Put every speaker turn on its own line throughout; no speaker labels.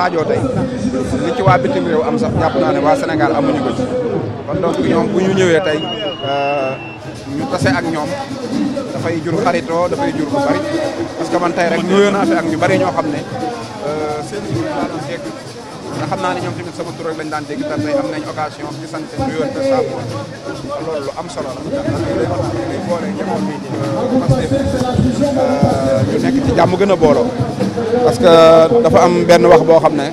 xaajoo tey li ci waa bitim réew am sax jàpp naa ne waa Sénégal amuñu ko ci kon donc ñoom bu ñu ñëwee tey euh, ñu tase ak ñoom dafay jur xaritoo dafay jur bu bari parce que man tey rek ñu naa fi ak ñu bari ñoo xam ne euh, seen jur te naa ne sama tur lañ daan dégg te tey am nañ occasion di sant nuyoo am solo la ndax euh, euh, nekk ci jàmm gën a booloo parce que dafa am benn wax boo xam ne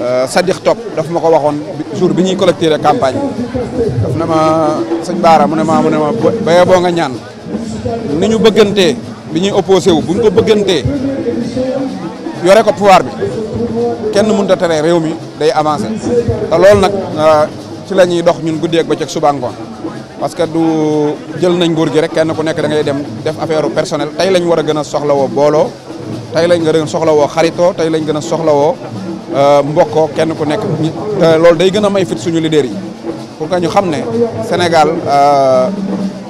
euh, Sadikh Top dafa ma ko waxoon jour bi ñuy collecté campagne bi daf ne ma sëñ Baara mu ne ma mu ne nga ñaan ni ñu bëggantee bi ñuy opposé wu bu ñu ko bëggantee yore ko pouvoir bi. kenn mun a tere réew mi day avancer te loolu nag euh, ci la ñuy dox ñun guddeeg bëccëg suba ngoon parce que du jël nañ nguur gi rek kenn ku nekk da ngay dem def affaire personnel tey lañ war a gën a soxlawoo booloo tey lañ gën soxla soxlawoo xaritoo tey lañ gën a soxlawoo euh, mbokkoo kenn ku nekk loolu day gën a may fit suñu leader yi pour que ñu xam ne Sénégal euh,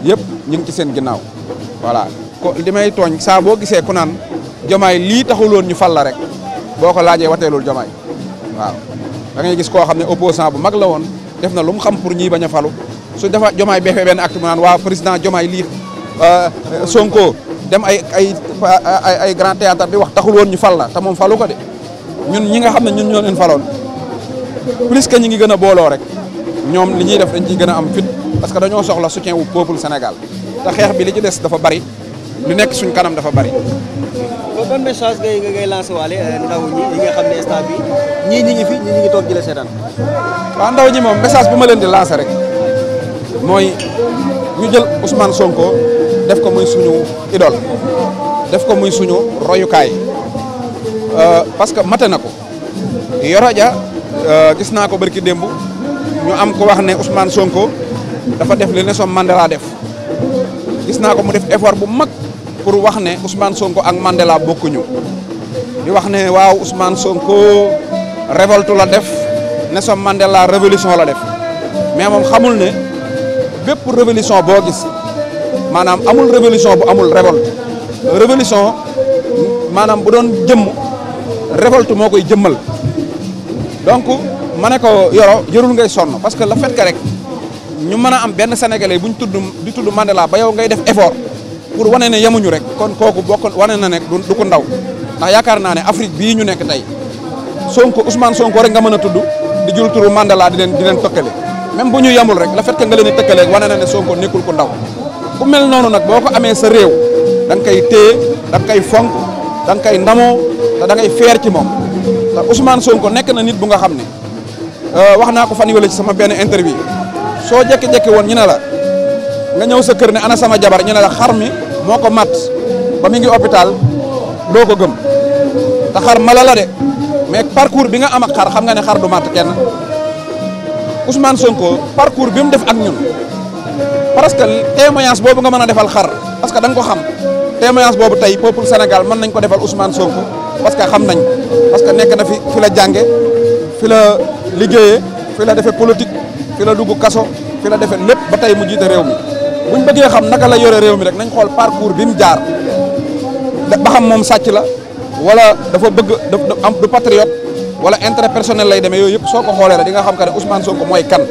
yëpp ñu ngi ci seen ginnaaw voilà ko li may tooñ saa boo gisee ku naan jomaay lii taxuloon ñu fal la rek boo ko laajee wateelul jomaay waaw da ngay gis koo xam ne opposant bu mag la woon def na lu mu xam pour ñii bañ a falu su defa jomaay bee fee benn acte mu waa président Diomaye lii euh, Sonko dem ay ay ay grand théâtre di wax taxul woon ñu fal la te moom falu ko de ñun ñi nga xam ne ñun ñoo leen faloon plus que ñi ngi gën a booloo rek ñoom li ñuy def dañ ciy gën a am fit parce que dañoo soxla soutien wu peuple Sénégal te xeex bi li ci des dafa bari lu nekk suñ kanam dafa bari. ban message ngay ngay lancé waale euh, ndaw ñi ñi ñii ñi ngi fi ñii ñi ngi toog di la seetaan. waaw ndaw ñi moom message bu ma leen di lancé rek mooy ñu jël Ousmane Sonko def ko muy suñu idole def ko muy suñu royukaay euh, parce que mate na ko Yoro Dia euh, gis naa ko barki démb ñu am ko wax ne Ousmane Sonko dafa def li Nelson Mandela def gis naa ko mu def effort bu mag. pour wax ne Ousmane Sonko ak Mandela ñu di wax ne waaw Ousmane Sonko révolte la def Nelson Mandela révolution la def mais moom xamul ne bépp révolution boo gis maanaam amul révolution bu amul révolte révolution maanaam bu doon jëmm révolte moo koy jëmmal donc ma ne ko yoro jërul ngay sonn parce que la fait que rek ñu mën a am benn sénégalais bu ñu tudd di tudd Mandela ba yow ngay def effort pour wane ne yemuñu rek kon kooku bokk wane na nekk du ko ndaw ndax yaakaar naa ne Afrique bii ñu nekk tey Sonko usmaan Sonko rek nga mën a tudd di jël turu Mandela di leen di leen tëkkale même bu ñu yemul rek le fait que nga leen di tëkkale wane na ne Sonko nekkul ku ku mel noonu nag boo ko amee sa réew da nga koy téye da nga koy fonk da nga ndamoo te da ngay feer ci moom te Ousmane Sonko nekk na nit bu nga xam ne euh, wax naa ko fan wala ci sama benn interview soo jékki-jékki woon ñu ne la nga ñëw sa kër ne ana sama jabar ñu ne la xar mi moo ko mat ba mu ngi hôpital doo ko gëm te xar mala la de mais parcours bi nga am ak xar xam nga ne xar du mat kenn Ousmane Sonko parcours bi mu def ak ñun parce que témoignage boobu nga mën a defal xar parce que da ko xam témoignage boobu tey peuple Sénégal mën nañ ko defal Ousmane Sonko parce que xam nañ parce que nekk na fi fi la jànge fi la liggéeye fi la defee politique fi la dugg kaso fi la defee lépp ba tey mu jiite réew mi. buñ bëggee xam naka la yore réew mi rek nañ xool parcours bi mu jaar ba xam moom sàcc la wala dafa bëgg am du patriote wala intérêt personnel lay demee yooyu yëpp soo ko xoolee rek di nga xam ka ne Ousmane ko mooy kan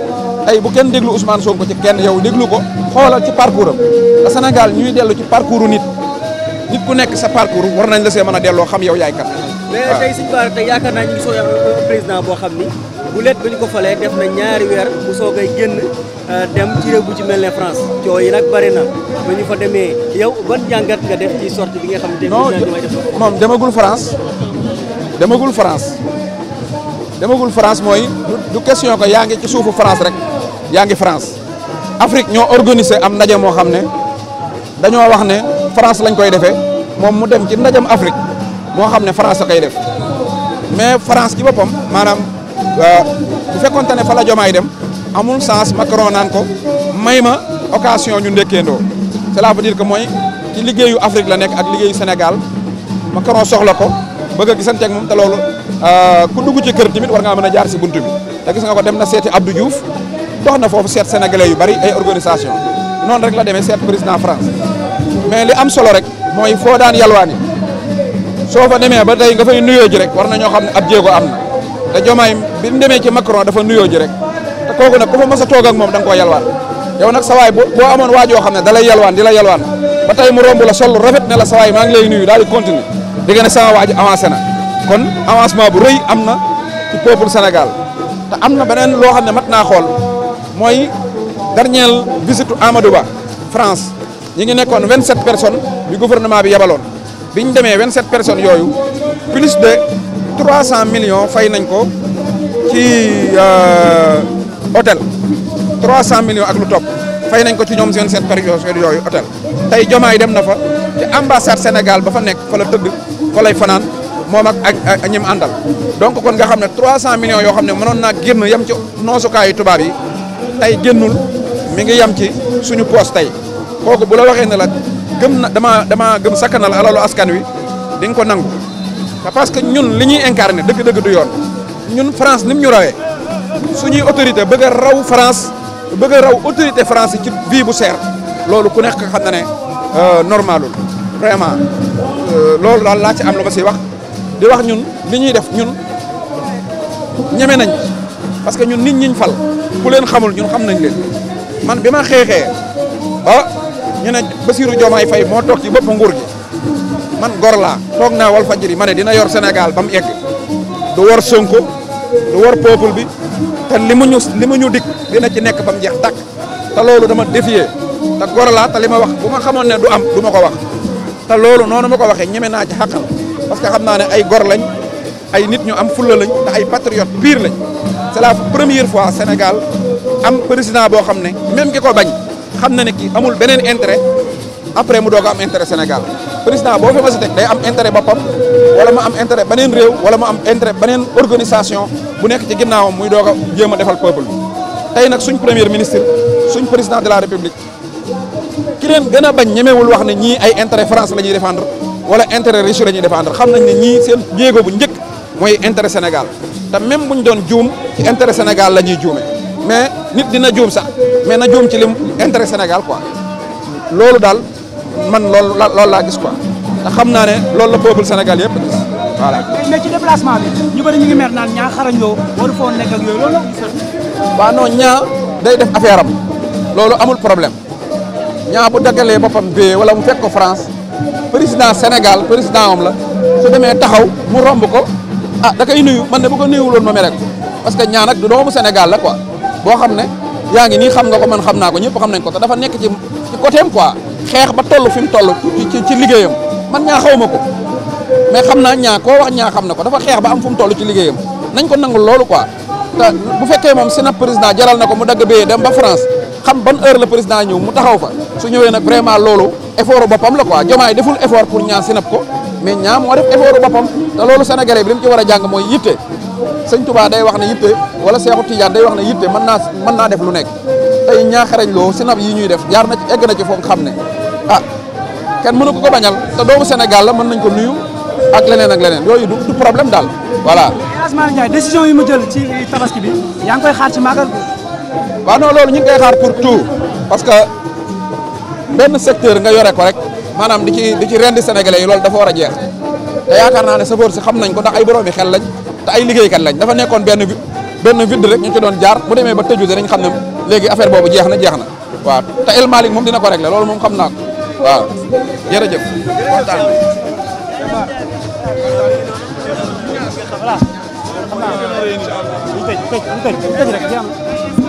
ay bu kenn déglu Ousmane ko ci kenn yow déglu ko xoolal ci parcours am te Sénégal ñuy dellu ci parcours nit nit ku nekk sa parcours war nañ la see mën a delloo xam yow yaay kan. waaw mais tey suñu xam ni. bu leet bi ñu ko falee def na ñaari weer bu soogay génn euh, dem ci réew bu ci mel ne France coow yi nag bëri na ba ñu fa demee yow ban jàngat nga def ci sortie bi nga xam ne. non moom demagul France demagul France demagul France mooy du question ko yaa ngi ci suufu France rek yaa ngi France Afrique ñoo organisé am ndaje moo xam ne dañoo wax ne France lañ koy defee moom mu dem ci ndajam Afrique moo xam ne France koy def mais France ci maanaam. Euh, bu fekkoon ne fa la Diomaye dem amul sens Macron naan ko may ma occasion ñu ndékkeendoo cela veut dire que mooy ci liggéeyu Afrique la nekk ak liggéeyu Sénégal Macron soxla ko bëgg a gisanteeg moom te loolu euh, ku dugg ci kër tamit war ngaa mën na jaar si buntu bi te gis nga ko dem na seeti Abdou Diouf dox na foofu seet sénégalais yu bari ay organisation noonu rek la demee seet président France mais li am solo rek mooy foo daan yalwaani soo fa demee ba tey nga fay nuyoo ji rek war na ñoo xam ne ab jéego am na te Diomaye bi mu demee ci Macron dafa nuyoo ji rek te kooku nag ku fa mos a toog ak moom da nga koo yalwaan yow nag sawaay boo amoon waajoo xam ne da yalwaan di la yalwaan ba tey mu romb la sol rafet ne la sawaay maa ngi lay nuyu daal di continuer di nga waaj avancé na kon avancement bu rëy am na ci peuple Sénégal te am na beneen loo xam ne mat naa xool mooy dernière visite Amadou Ba France ñi ngi nekkoon 27 personnes bi gouvernement bi yabaloon biñ demee 27 personnes yooyu cent millions fay nañ ko ci euh, hôtel cent millions ak lu topp fay nañ ko ci ñoom seen seen période yooyu hôtel tey jomaay dem na fa te ambassade ba fa nekk fa la tëdd fa lay fanaan moom ak ak ñim àndal donc kon nga xam ne cent millions yoo xam ne mënoon naa génn yem ci noosukaayu tubaab yi tey génnul mi ngi yem ci suñu poos tey kooku bu la waxee ne la gëm na dama dama gëm sakkanal alalu askan wi di ko nangu te parce que ñun li ñuy incarné dëgg-dëgg du yoon ñun France ni mu ñu rawee suñuy autorité bëgg a raw France bëgg a raw autorité France ci vie bu seer loolu ku nekk xam na ne euh, normalul vraiment euh, loolu daal laa ci am la ma si wax di wax ñun li ñuy def ñun ñeme nañ parce que ñun nit ñiñ fal ku leen xamul ñun xam nañ leen man bi ma xeexee ah ñu ne Bassirou Diomaye Faye moo toog ci bopp nguur gi man gor laa foog naa wal fajiri ma ne dina yor Sénégal ba mu egg du wor Sonko du wor peuple bi te li mu ñu li mu ñu dikk dina ci nekk ba mu jeex tàkk te loolu dama défier te gor laa te li ma wax bu ma xamoon ne du am du ma ko wax te loolu noonu ma ko waxee ñeme naa ci xàqal parce que xam naa ne ay gor lañ ay nit ñu am fulla lañ te ay patriote pire lañ c'est la première fois Sénégal am président boo xam ne même ki ko bañ xam na ne kii amul beneen intérêt après mu doog am intérêt Sénégal président boo fi ma si teg day am intérêt boppam wala mu am intérêt beneen réew wala mu am intérêt beneen organisation bu nekk ci ginnaaw muy doog a jéem a defal peuple tey nag suñ premier ministre suñ président de la république ki leen gën a bañ ñemewul wax ne ñii ay intérêt France la ñuy défendre wala intérêt Russie la ñuy défendre xam nañ ne ñii seen jéego bu njëkk mooy intérêt Sénégal te même bu ñu doon juum ci intérêt Sénégal la ñuy juume mais nit dina juum sax mais na juum ci lim intérêt Sénégal quoi loolu daal. man loolu loolu laa gis quoi te xam naa ne loolu la peuple Sénégal yëpp gis voilà. mais ci ñu bëri ñu ngi mer naan ñaa xarañ loo waru foo nekk ak yooyu loolu day def affaire am loolu amul problème ñaa bu daggalee boppam bee wala mu fekk ko France président Sénégal président am la su demee taxaw mu romb ko ah da koy nuyu man ne bu ko nuyuwuloon ma mere ko parce que ñaa nag du doomu Sénégal la quoi boo xam ne yaa ngi nii xam nga ko man xam naa ko ñëpp xam nañ ko te dafa nekk ci ci xeex ba toll fi mu toll ci ci liggéeyam man ñaa xaw ma ko mais xam naa ñaa koo wax ñaa xam na ko dafa xeex ba am fu mu toll ci liggéeyam nañ ko nangul loolu quoi te bu fekkee moom si na président jaral na ko mu dagg bee dem ba France xam ban heure la président ñëw mu taxaw fa su ñëwee na vraiment loolu effort boppam la quoi jomaay deful effort pour ñaa sinap ko mais ñaa moo def effort boppam te loolu sénégalais bi li mu ci war a jàng mooy yitte sëñ Touba day wax ne yitte wala Seexu Tijaan day wax ne yitte mën naa mën naa def lu nekk tey ñaaxarañ loo si nab yi ñuy def jaar na na ci foog xam ne ah kenn mënu ko ko bañal te doomu Sénégal la mën nañ ko nuyu ak leneen ak leneen yooyu du problème daal voilà. Asmaane Ndiaye décision yi mu jël ci tabaski bi yaa ngi koy xaar ci màggal bi. waaw ñu ngi koy xaar pour parce que benn secteur nga yore ko rek maanaam di ci di ci rendi sénégalais yi loolu dafa war a jeex yaakaar naa ne sa sapeurs si xam nañ ko ndax ay boroomi xel lañ te ay liggéeykat lañ dafa nekkoon benn benn vide rek ñu ci doon jaar bu demee ba tëju danañ xam ne. léegi affaire boobu jeex na jeex na waaw te El moom dina ko régler loolu moom xam naa ko waaw